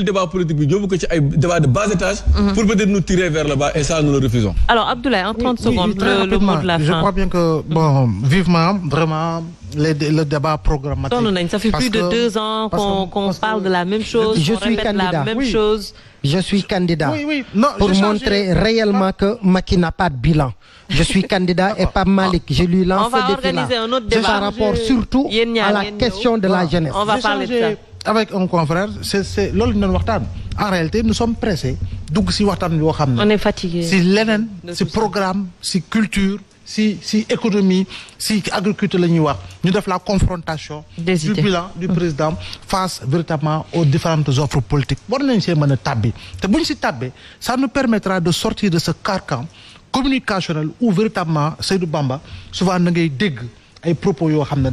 le débat politique bi yóbbu que ci débat de bas étage. Mhm. pour peut-être nous tirer vers le bas et ça nous le refusons. alors Abdoulaye en 30 secondes. le, le mot de la fin je crois bien que bon vivement vraiment. le débat programmatique. ça fait plus de deux ans qu'on qu parle de la même chose, je suis répète candidat. la même chose. Je suis candidat oui, oui. pour montrer réellement que Maki n'a pas de bilan. Je suis candidat et pas Malik. Ah. Je lui lance des bilans. On va organiser un autre débat. Je rapport surtout à la question de la jeunesse. On va parler de ça avec un confrère c'est c'est non en réalité nous sommes pressés Donc, si on est fatigué si lenen, si programme si culture. si si économie si agriculture nous devons wax ñu la confrontation du bilan du mm. président face véritablement aux différentes offres politiques war nañ Té ça nous permettra de sortir de ce carcan communicationnel où véritablement Seydou Bamba souvent na ngay dégg et propos yoo xam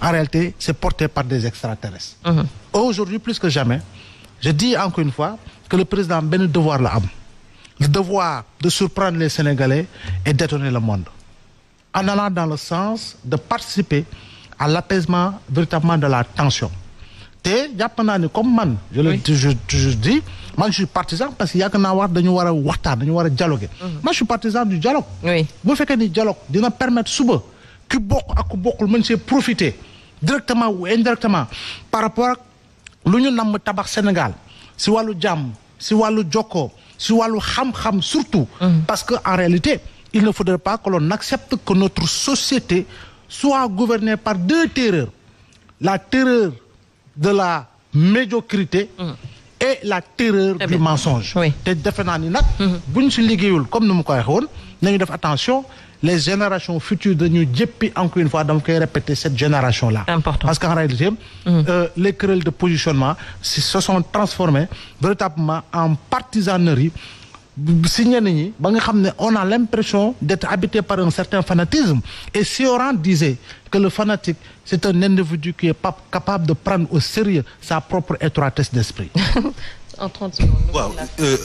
en réalité c'est porté par des extraterrestres aujourd'hui plus que jamais je dis encore une fois que le président a devoir la le devoir de surprendre les Sénégalais et d'étonner le monde en allant dans le sens de participer à l'apaisement véritablement de la tension te jàpp naa ni comme man je le dis moi je suis partisan parce que yàgg de nous dañu war a de dañu voir dialoguer moi je suis partisan du dialogue Oui. bu fekkee ni dialogue dina permettre suba que beaucoup ak directement ou indirectement par rapport ak l'Union ñu tabax Sénégal si walu JAM, si walu JOKO si walu xam surtout. Hum. parce que en réalité il ne faudrait pas que l'on accepte que notre société soit gouvernée par deux terreurs la terreur de la médiocrité. Hum et la terreur du mensonge Oui. cest naa ni ne mhm. comme nous attention les générations futures de nous, encore une fois Donc, répéter cette génération là parce qu'en réalité mhm. euh, les querelles de positionnement se sont transformées véritablement en partisanerie si on a l'impression d'être habité par un certain fanatisme et si on disait que le fanatique c'est un individu qui n'est pas capable de prendre au sérieux sa propre étroitesse d'esprit en 30 secondes euh,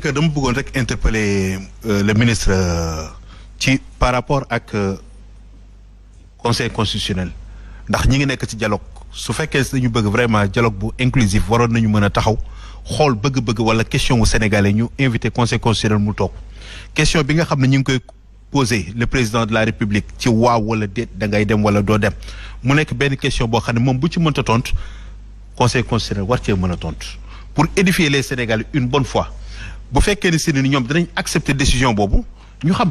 que nous bëggoon rek interpeller euh, le ministre euh, par rapport au conseil constitutionnel Nous ñi ngi dialogue. ci dialogue que nous dañu bëgg vraiment dialogue inclusif nous nañu un dialogue xol bëgg-bëgg wala question wu sénégalais ñu invité conseil constitutionnel mu toog question bi nga xam ne ñu ngi koy posé le président de la république ci waaw wala déet da ngay dem wala doo dem mu nekk benn question boo xam ne moom bu ci mënta tontu conseil constitutionnel war cee mën a pour édifier les sénégalais une bonne fois bu fekkee ne si ni ñoom dinañ accepter décision boobu ñu xam.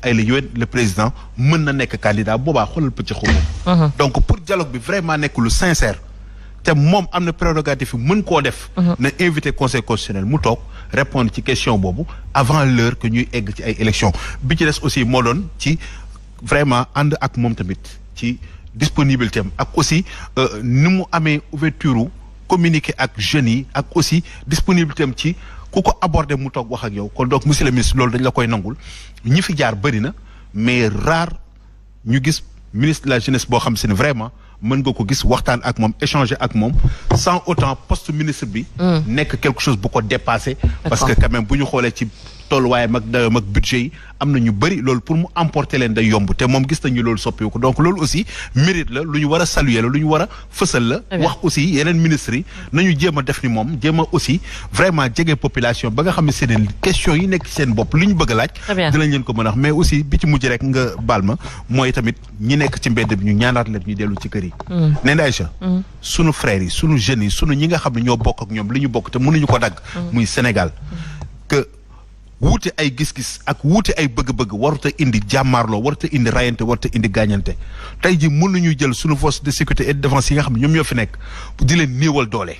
Elle le président mën na candidat boobaa uh-huh. donc pour dialogue bi vraiment le lu sincère te qui am na prérogative yi mën le def uh-huh. na invité conseil constitutionnel mu répondre ci question boobu avant l'heure que ñuy egg ci ay élections bi ci des aussi moo doon ci vraiment ànd ak moom tamit ci disponibilité am ak aussi euh, ni mu ouverture communiquer ak jeunes et aussi aussi disponibilité am ci ku ko abordé mu tok wax ak yow kon donc monsieur le ministre lolou dañ la koy nangul ñi fi jaar bari na mais rare ñu gis ministre de la jeunesse bo xam sen vraiment meun nga ko gis waxtaan ak mom échanger ak mom sans autant poste ministre bi. Mm. nek quelque chose bu ko dépassé. parce que quand même buñu xolé ci. tolluwaayam ak dayam ak budget yi am na ñu bëri loolu pour mu emporter leen day yomb te moom gis nañu loolu soppiwu ko donc loolu aussi mérite la lu ñu war a la lu ñu war a fësal la wax aussi yeneen ministres yi nañu jéem a def ni moom jéem aussi vraiment jege population ba nga xam ne seen question yi nekk seen bopp li ñu bëgg a laaj dinañ leen ko mën a wax mais aussi bi ci mujj rek nga baal ma mooy tamit ñi nekk ci mbedd bi ñu ñaanaat leen ñu dellu ci kër yi mm. nee na Aïcha mm. sunu frères sunu jeunes yi sunu ñi nga xam ne ñoo bokk ak ñoom li ñu bokk te mënuñu ko dagg mm. muy Sénégal wuute ay gis-gis ak wuti ay bëgg-bëgg warut a indi jàmmaarloo warut a indi rayante warut a indi gaañante tey ji mën nañu jël sunu force de sécurité et de yi nga xam ne ñoom ñoo fi nekk di leen néewal doole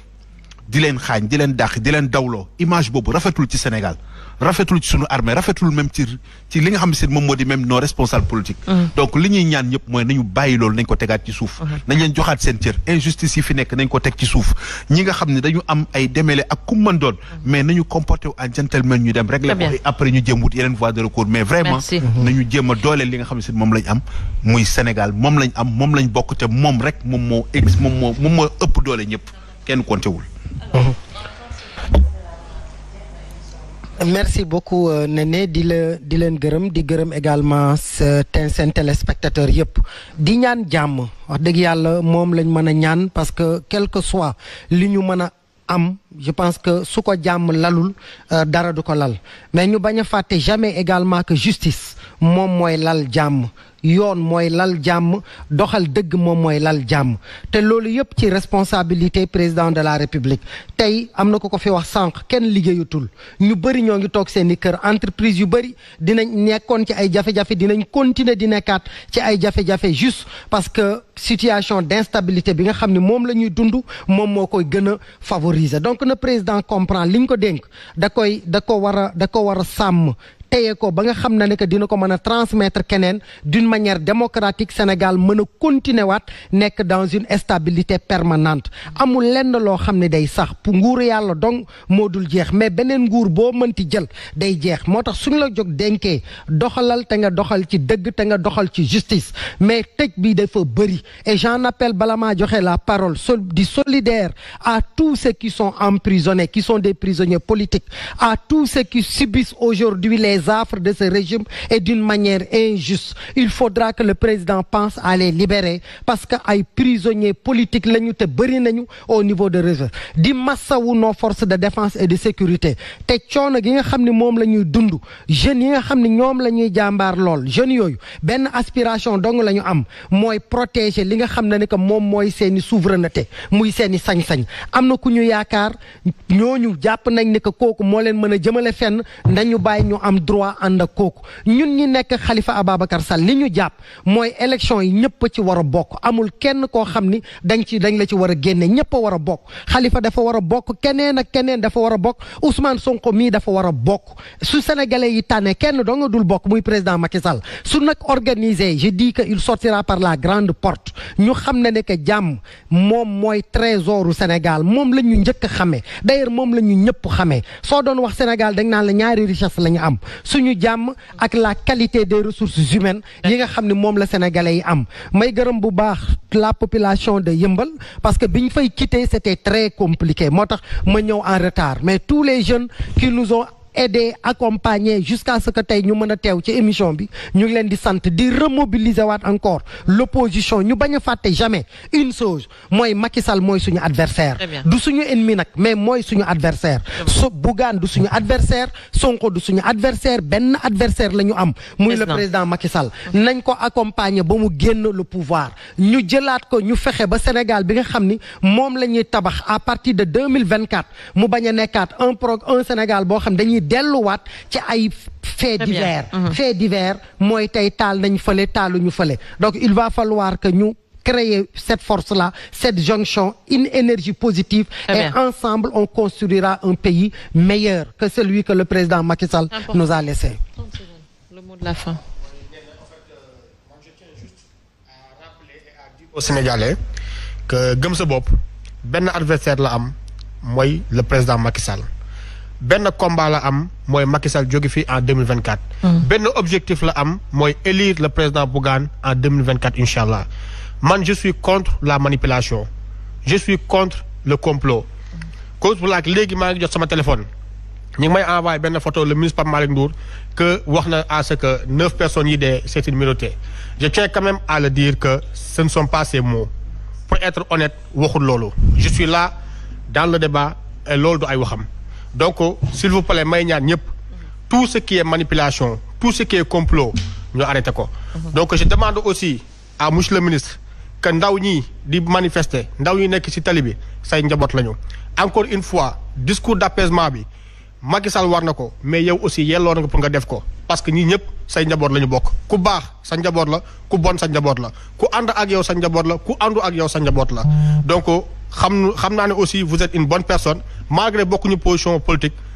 di leen xaañ di leen dàq di leen dawloo image boobu rafetul ci Sénégal rafetul ci suñu armée rafetul même ci ci li nga xam si moom moo di même nos responsables politiques mm. donc li ñuy ñaan ñëpp mooy nañu bàyyi loolu nañ ko tegaat ci suuf mm-hmm. nañ leen joxaat seen cër injustice yi fi nekk nañ ko teg ci suuf ñi nga xam ne dañu am ay démêlé ak ku mën doon mm. mais nañu comporté wu en gentleman ñu dem régler ko après ñu jéem wut yeneen voie de recours mais vraiment mm-hmm. nañu jéem a dooleel li nga xam ne moom lañ am muy Sénégal moom lañ am moom lañ bokk te moom rek moom moo moom moo moom moo ëpp doole ñëpp kenn konté wul mm-hmm. merci beaucoup euh, Néné di le di len également seen téléspectateurs yëpp di ñaan jamm wax dëgg yàlla lañ parce que quel que soit li am je pense que ce ko lalul euh, dara du ko lal mais ñu bañ jamais également que justice Mom, mooy lal yoon mooy lal jàmm doxal dëgg moom mooy lal jàmm te loolu yëpp ci responsabilité président de la république tey am na ko ko fi wax sànq kenn liggéeyutul ñu bëri ñoo ngi toog seen entreprise yu bëri dinañ nekkoon ci ay jafe-jafe dinañ continuer di nekkaat ci ay jafe-jafe juste parce que situation d'instabilité bi nga xam ne moom la ñuy dund moom moo koy gën a favoriser donc na président comprend liñ ko dénk da koy da ko war da ko war a téye ko ba nga xam que dina ko mën transmettre keneen d'une manière démocratique Sénégal mën a continuer waat nekk dans une stabilité permanente amul lenn loo xam ne day sax pour nguuru yàlla dong moo jeex mais beneen nguur boo mënti jël day jeex moo tax suñu la jóg denkee doxalal te nga doxal ci dëgg te nga doxal ci justice mais tëj bi dafa bëri et j'en appelle bala maa la parole di solidaire à tous ceux qui sont emprisonnés qui sont des prisonniers politiques à tous ceux qui subissent aujourd'hui les les affres de ce régime et d'une manière injuste. Il faudra que le président pense à les libérer parce que ay prisonniers politiques lañu te bëri nañu au niveau de réserve di massawu nos forces de défense et de sécurité te choona gi nga xamni mom lañuy dund jeunes yi nga xamni ñom lañuy jambar lool jeunes yoyu ben aspiration dong lañu am moy protéger li nga xam ne ne que moom mooy seeni souveraineté muy seeni sañ-sañ am na ku ñu yaakaar ñooñu japp nañ ne que koku mo leen mën jëmele fenn nañu bay ñu am droit ànd ak kooku ñun ñi nekk Khalifa Ababacar sal li ñu jàpp mooy élection yi ñëpp ci war a bokk amul kenn koo xam ni dañ ci dañ la ci war a génne ñëpp a war a bokk xalifa dafa war a bokk keneen ak keneen dafa war a bokk Ousmane Sonko mii dafa war a bokk su sénégalais yi tànnee kenn doo nga dul bokk muy président Macky su nag organiser je dis que il sortira par la grande porte ñu xam ne ne que jàmm moom mooy trésoru Sénégal moom la ñu njëkk a xamee d'ailleurs moom la ñu ñëpp xamee soo doon wax Sénégal dañ naan la la ñu am suñu jàmm ak la qualité des ressources humaines yi nga xam ne moom la sénégalais yi am may gërëm bu baax la population de Yëmbal parce que biñ ñu fay quitter c'était très compliqué moo tax ma en retard mais tous les jeunes qui nous ont aider accompagner jusqu'à ce que tay ñu mëna a ci émission bi ñu ngi leen di di remobiliser waat encore l'opposition ñu ne faté jamais une chose moy Macky Sall moy suñu adversaire du suñu ennemi nak mais moy suñu adversaire so bougan du suñu adversaire Sonko du suñu adversaire benn adversaire lañu am muy le président Macky Sall mm-hmm. nañ ko accompagner ba mu génn le pouvoir ñu jëlaat ko ñu fexé ba Sénégal bi nga xamni mom lañuy tabax à partir de 2024 mu baña a un pro un Sénégal bo xam dañuy delluwaat ci ay faits divers mhm. faits divers mooy tey taal nañ fële taaluñu fële donc il va falloir que nous créer cette force-là, cette jonction, une énergie positive et ensemble on construira un pays meilleur que celui que le président Macky Sall nous a laissé. Le mot de la fin. juste aux Sénégalais que gëm sa adversaire la am moy le président Macky Sall ben combat la am moy Macky Sall fi en 2024. Hmm. ben objectif la am moy élire le président Bougane en 2024 inshallah. man je suis contre la manipulation je suis contre le complot cause pour la légui maa ngi jot sama téléphone ñu may envoyer ben photo le ministre Pape Malick Ndour que waxna à ce que neuf personnes yi des c'est une minorité je tiens quand même à le dire que ce ne sont pas ces mots pour être honnête waxul lolo. je suis là dans le débat et lolo du ay waxam donc s'il vous plaît may tout ce qui est manipulation tout ce qui est complot nous arrêté donc je demande aussi à monsieur le ministre que ndaw ñi di manifester ndaw ñi nek ci tali bi say njabot lañu encore une fois discours d'apaisement Macky Sall war na ko mais yow aussi yelloo na ko pour nga def ko parce que ñii ñëpp say njaboot la bokk ku baax sa njaboot la ku bon sa njaboot la ku ànd ak yow sa njaboot la ku àndu ak yow sa njaboot la donc xam xam naa ne aussi vous une bonne personne malgré bokkuñu position politique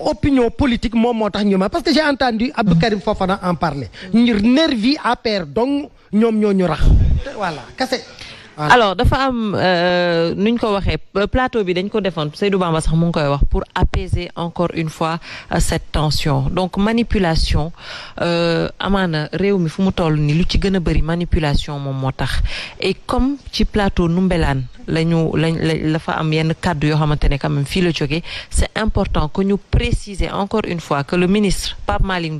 opinion politique momentanément motax parce que j'ai entendu Abdou mhm. Karim Fofana en parler ñu à perdre, donc nous, ñoo ñu rax voilà alors dafa am euh nuñ ko waxé euh, plateau bi dañ ko de Seydou Bamba sax mu ngi koy wax pour apaiser encore une fois euh, cette tension donc manipulation euh, amaana réew mi fu mu toll ni lu ci gëna manipulation mom motax et comme ci plateau Numbelane la lañ la fa am yenn kàddu yo xamante quand c'est important que nous préciser encore une fois que le ministre Pape Malick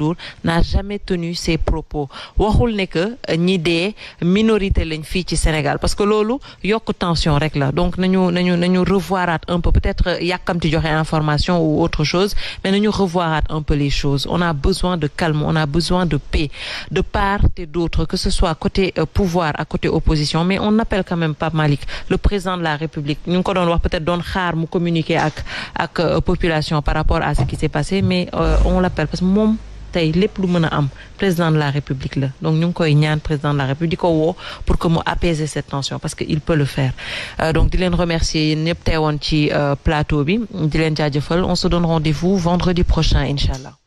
n'a jamais tenu ses propos waxul ne que ñi dé minorité lañ fi ci Sénégal parce que il yok tension rek la donc nañu nañu nañu revoir un peu peut-être euh, yakamti joxe information ou autre chose mais nous revoir un peu les choses on a besoin de calme on a besoin de paix de part et d'autre que ce soit côté euh, pouvoir à côté opposition mais on appelle quand même pas Malik, le président de la République ñu ko wax peut-être doon xaar mu communiquer ak ak euh, population par rapport à ce qui s'est passé mais on l'appelle parce que tay lepp lu am président de la république la donc ñung koy ñaan président de la république ko pour que mo apaiser cette tension parce qu'il peut le faire euh, donc di leen remercier ñepp ñëpp ci euh, plateau bi di leen on se donne rendez-vous vendredi prochain Inshallah